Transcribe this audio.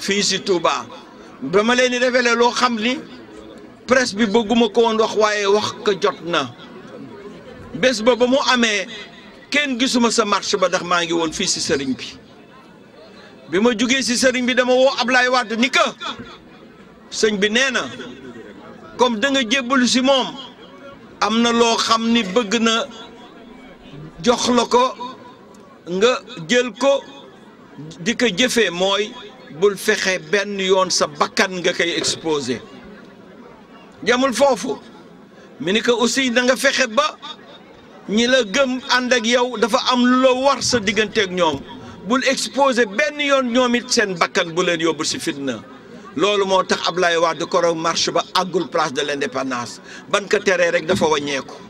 fii si Touba ba ma leen di loo xam ni presse bi bëgguma ko woon wax waaye wax ko jot na bés ba ba mu amee kenn gisuma sa marche ba ndax maa ngi woon fii si sëriñ bi bi ma jugee si sëriñ bi dama woo Ablaye Wade ni ka sëñ bi nee na comme danga nga jébbalu si moom am na loo xam ni bëgg na jox la ko nga jël ko di ko jëfe mooy bul fexe benn yoon sa bakkan nga koy exposé jamul foofu mu ni ko aussi da nga fexe ba ñi la gëm ànd ak yow dafa am lu la war sa diggante ak ñoom bul exposé benn yoon ñoom it seen bakkan bu leen yóbbu si fitna loolu moo tax Ablaye Wade koroog marche ba àggul place de l'indépendance ban ko teree rek dafa wàññeeku.